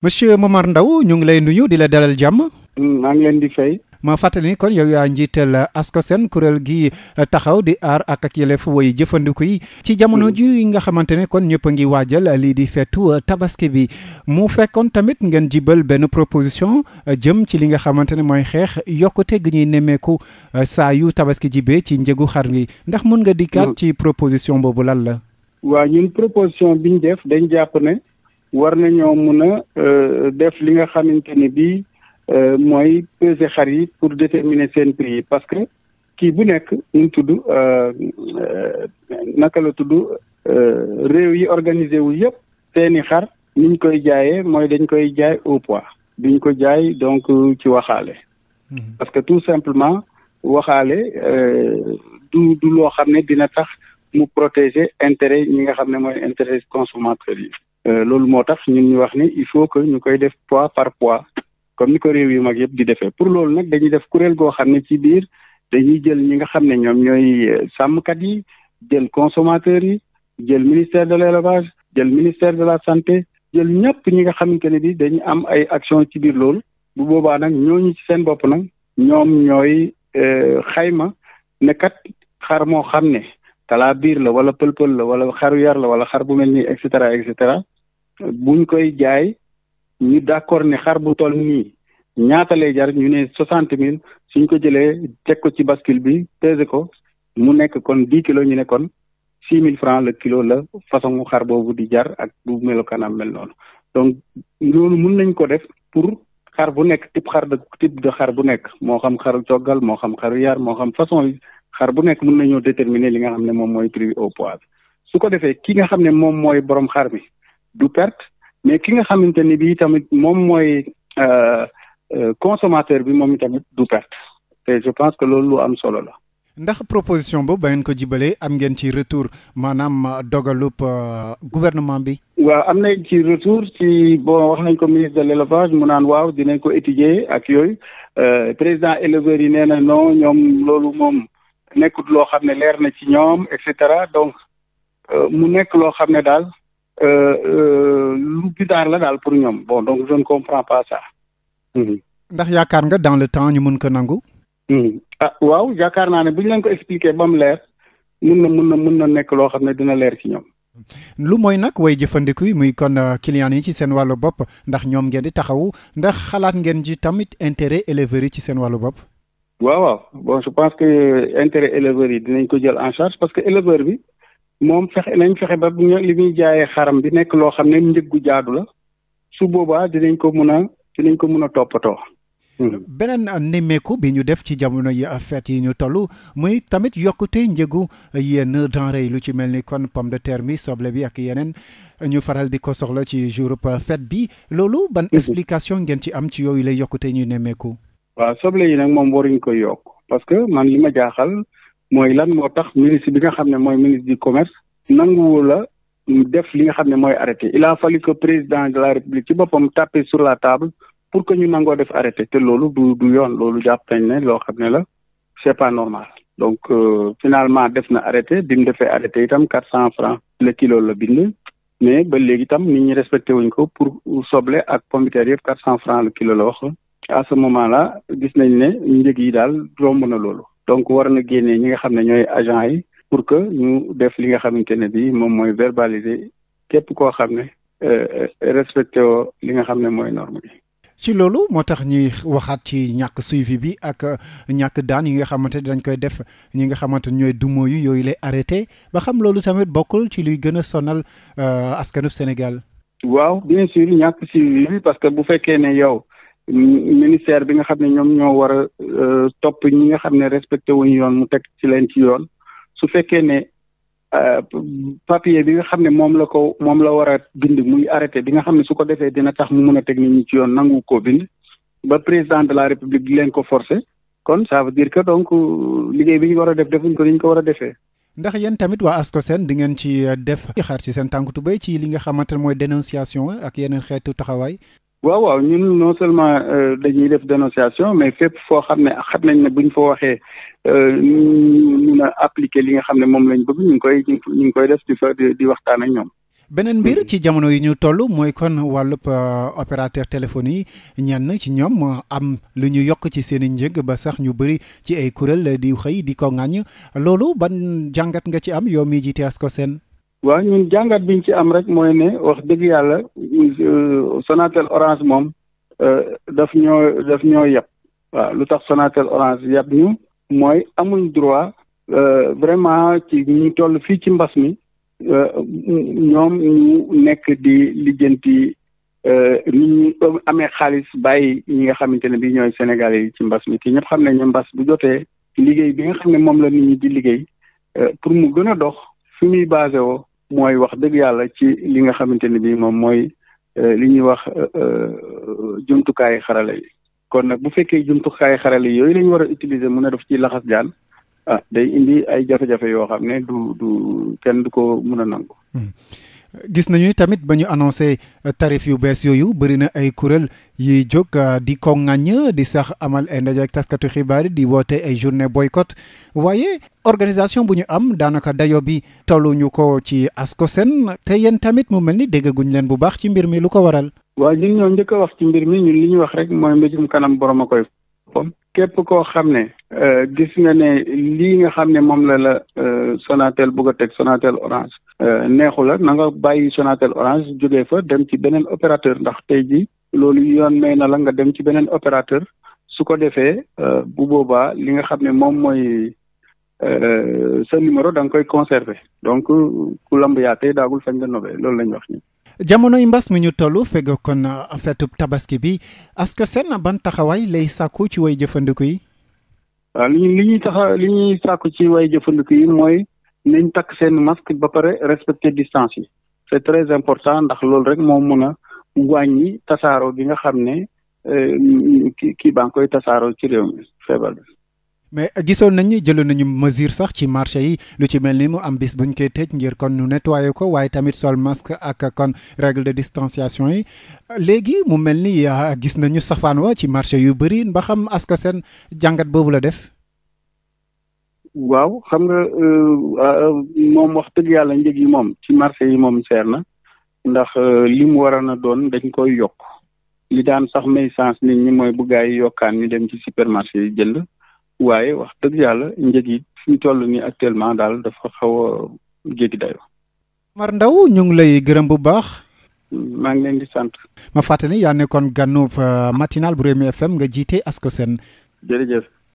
monsieur Momar Ndao ñoo ngi lay nuyu di la dalal jàmm. Mm, maa ngi leen di fay. ma fàttali ni kon yow yaa njiital ASCOSEN kuréel gi eh, taxaw di aar ak ak yelleef woy jëfandiku yi. ci jamono mm. ji nga xamante ne kon ñëpp a ngi waajal lii di fetu eh, tabaski bi mu fekkoon tamit ngeen jibal benn proposition eh, jëm ci li nga xamante ne mooy xeex yokkute gi ñuy nemmeeku saa yu tabaski jibee ci njëgu xar yi ndax mun nga dikkaat mm. ci proposition boobu lan la. waa ñun proposition jàpp ne. war nañoo mun a euh, def li nga xamante ni bii euh, mooy peser xar yi pour déterminer seen prix yi parce que kii bu nekk ñu tudd euh, naka la tudd réew yi organisé wu yëpp seeni xar niñ koy jaayee mooy dañ koy jaay au poids duñ ko jaay donc ci waxaale. Mhm. parce que tout simplement waxaale du du loo xam ne dina tax mu protéger intérêt ñi nga xam ne mooy intérêt consommateur yi. Euh, loolu moo tax ñun ñu wax ni il faut que ñu koy def poids par pois comme ni ko réew yu mag yëpp di defee pour loolu nag dañuy def kuréel goo xam ne ci biir dañuy jël ñi nga xam ne ñoom ñooy euh, sàmmkat yi jël consommateurs yi jël ministère de l'élevage jël ministère de la santé jël ñëpp ñi nga xamante ne bi dañu am ay action ci biir loolu bu boobaa nag ñooñu ci seen bopp nag ñoom ñooy euh, xayma ne xar moo xam ne talaa biir la wala pël-pël la wala xaru yar la wala xar bu mel nii et cetera et cetera buñ koy jaay ñu d'accord ne xar bu toll nii ñaata lay jar ñu ne soixante mille suñ ko jëlee teg ko ci bascule bi pesé ko mu nekk kon di kilo ñu ne kon six mille francs le kilo la façon xar boobu di jar ak bu melokaanam mel noonu donc loolu mun nañ ko def pour xar bu nekk type xar de type de xar bu nekk moo xam xaru coggal moo xam xaru yar moo xam façon yi xar bu nekk mën nañoo déterminer li nga xam ne moom mooy prix au poids su ko defee ki nga xam ne moom mooy borom xar mi du perte mais ki nga xamante ni bii tamit moom mooy euh, euh, consommateur bi moom tamit du perte te je pense que loolu lu am solo la. ndax proposition boobu ba ngeen ko jibalee am ngeen ci retour maanaam dogalub euh, gouvernement bi. waaw am nañ ci retour ci bon wax nañ ko ministre de l' élevage mu naan waaw dinañ ko étudier ak yooyu président éleveurs yi nee na non ñoom loolu moom nekkut loo xam ne leer na ci ñoom et cetera donc mu nekk loo xam ne daal Euh, euh, lu bidaar la daal pour ñoom bon donc je ne comprends pas mhm. ndax yaakaar nga dans le temps ñu mën ko nangu. Mhm. ah waaw yaakaar naa ne buñ ñu ko expliquer ba mu leer mun na mun na mun na nekk loo xam ne dina leer ci ñoom. lu moy nag way jëfandiku yi muy kon euh, clients yi ci seen wàllu bopp ndax ñoom ngeen di taxaw ndax xalaat ngeen ji tamit intérêt éleveurs yi ci seen wallu bopp. waaw waaw bon je pense que intérêt éleveurs yi dinañ ko jël en charge parce que éleveur bi. moom fexe nañ fexe ba li muy jaayee xaram bi nekk loo xam ne njëggu jaadu la su boobaa dinañ ko mun a dinañ ko mun a toppatoo. Hmm. beneen nemmeeku bi ñu def ci jamono yi fête yi ñu toll muy tamit yokkute njëgu yenn yi lu ci mel ni kon pomme de terre bi soble bi ak yeneen ñu faral di ko soxla ci jour fête bi loolu ban mhm. explication ngeen ci am ci yooyu lay yokkute ñuy nemmeeku. waaw soble yi nag moom waruñ koy yokk parce que man li ma jaaxal. mooy lan moo tax ministre bi nga xam ne mooy ministre du commerce nanguwu la def li nga xam ne mooy arrêté il a fallu que président de la république ci boppam tapé sur la table pour que ñu nangoo def arrêté te loolu du yoon loolu jàpp nañ ne loo xam ne la c'est pas normal donc euh, finalement def na arrêté bi defee arrêté itam quatre cent francs le kilo la bind mais ba léegi itam nit ñi respecté wuñ ko pour soble ak pombiteer yëpp quatre cent francs le kilo la wax à ce moment là gis nañ ne njëg yi daal romb na loolu donc war na génnee ñi nga xam ne ñooy agent yi pour que ñu def li nga xamante ne bi moom mooy verbaliser képp koo xam ne euh, respecté li nga xam ne mooy norme bi ci loolu moo tax ñuy waxaat ci ñàkk suivi bi ak euh, ñàkk daan yi nga xamante dañ koy def ñi nga xamante ñooy dumo yu yooyu lay arrêté ba xam loolu tamit bokkul ci luy gën a sonal euh, askanub Sénégal waaw bien sûr ñàkk suivi bi parce que bu fekkee ne yow ministère bi nga xam ne ñoom ñoo war a euh, topp ñi nga xam ne respecté wuñu yoon mu teg ci leen ci yoon su fekkee ne euh, papier bi nga xam ne moom la ko moom la war a bind muy arrêté bi nga xam ne su ko defee dina tax mu mun a teg nit ci yoon nangu ko bind ba président de la république leen ko forcer kon ça veut dire que donc liggéey bi ñu war a def defuñ ko ni ko war a defee. ndax yéen tamit waa seen di ngeen ci euh, def. xaar ci seen tànk tubéy ci li nga xamante ne mooy dénonciation ak yeneen xeetu taxawaay. waaw waaw ñun non seulement euh, dañuy def dénonciation mais fépp foo xam ne xam nañ ne buñ fa waxee euh, ñu mun li nga xam ne moom lañ bëgg ñu ngi koy ñu ngi koy def di fa di waxtaan ak ñoom. beneen mbir mm-hmm. ci jamono yi ñu toll mooy kon wàllub euh, opérateur téléphone yi ñenn ci ñoom am lu ñu yokk ci seen i njëg ba sax ñu bëri ci ay kuréel di xëy di ko ŋàññ loolu ban jàngat nga ci am yow mi jiite Ascosen waaw ñun jàngat biñ ci am rek mooy ne wax dëgg yàlla euh, Sonatel Orange moom euh, daf ñoo daf ñoo yab waaw lu tax Sonatel Orange yab ñu mooy amuñ droit euh, vraiment ci ñu toll fii ci mbas mi ñoom ñu nekk di lijjanti ni ñu amee xaalis bàyyi ñi nga xamante ne bii ñooy Sénégalais yi ci mbas mi te ñëpp xam ne ñu mbas bu jotee liggéey bi nga xam ne moom la nit ñi di liggéey pour mu gën a dox fi muy basé mooy wax dëgg yàlla ci li nga xamante ne bii moom mooy euh, li ñuy wax euh, euh, jumtukaayu xarala yi kon nag bu fekkee jumtukaayu xarala yooyu la ñu war a utiliser mun a def ci laxas jaan ah day indi ay jafe-jafe yoo xam ne du du kenn du ko mun a nangu. Hmm. gis nañu tamit ba ñu annoncé euh, tarif yu bees yooyu bëri na ay kuréel yiy jog euh, di ko ŋàññ di sax amal ay ndaje ak taskatu xibaar di woote ay journée boycott waaye organisation bu ñu am daanaka dayo bi tolluñu ko ci ASCOSEN te yéen tamit mu mel ni déggaguñ leen bu baax ci mbir mi lu ko waral. waa ñun ñoo njëkk a wax ci mbir mi ñun li ñu wax rek mooy mbéjum kanam borom a koy képp koo xam ne euh, gis nga ne lii nga xam ne moom la la Sonatel bëgg a teg Sonatel Orange. Euh, neexu la nanga nga bàyyi Sonatel Orange jógee fa dem ci beneen opérateur ndax tey jii loolu yoon may na la nga dem ci beneen opérateur su ko defee euh, bu boobaa li nga xam ne moom mooy euh, sa numéro danga koy conserver donc ku lamb yaa tey daagul fañ la nobee loolu lañ wax ni jamonoy mbas mi ñu toll fegg kon fetu tabaski bi est-ce que seen ban taxawaay lay sàkku ci way jëfandiku yi. waaw li ñuy li ñuy taxa ci way jëfandiku yi mooy. nañ takk seen masque ba pare respecter distance yi c'est très important ndax loolu rek moo mën a wàññi tasaaro bi nga xam ne euh, ki kii baa ngi koy tasaaroo ci réew mi feebar bi. mais gisoon nañu jëloon nañu mesure sax ci marché yi lu ci mel ni mu am bis buñ koy teej ngir kon ñu nettoyé ko waaye tamit sol masque ak kon règle de distanciation yi léegi mu mel ni ah, gis nañu safaan wa ci marché yu bëri ba xam asko seen jàngat boobu la def. waaw xam nga euh, ah, euh, moom wax dëgg yàlla njëg yi moom ci marché yi moom seer na ndax euh, li mu waroon a doon dañ koy yokk li daan sax may sens nit ñi mooy bu gaa yi yokkaan ñu dem ci supermarché yi jënd waaye wax dëgg yàlla njëg yi fi ñu toll nii actuellement daal dafa xaw a jéggi dayoo. Mar Ndao ñu ngi lay gërëm bu baax. maa ngi leen di sant. ma fàttali yaa nekkoon ganu matinal bu Rewmi FM nga jiite Ascosen. jërëjëf.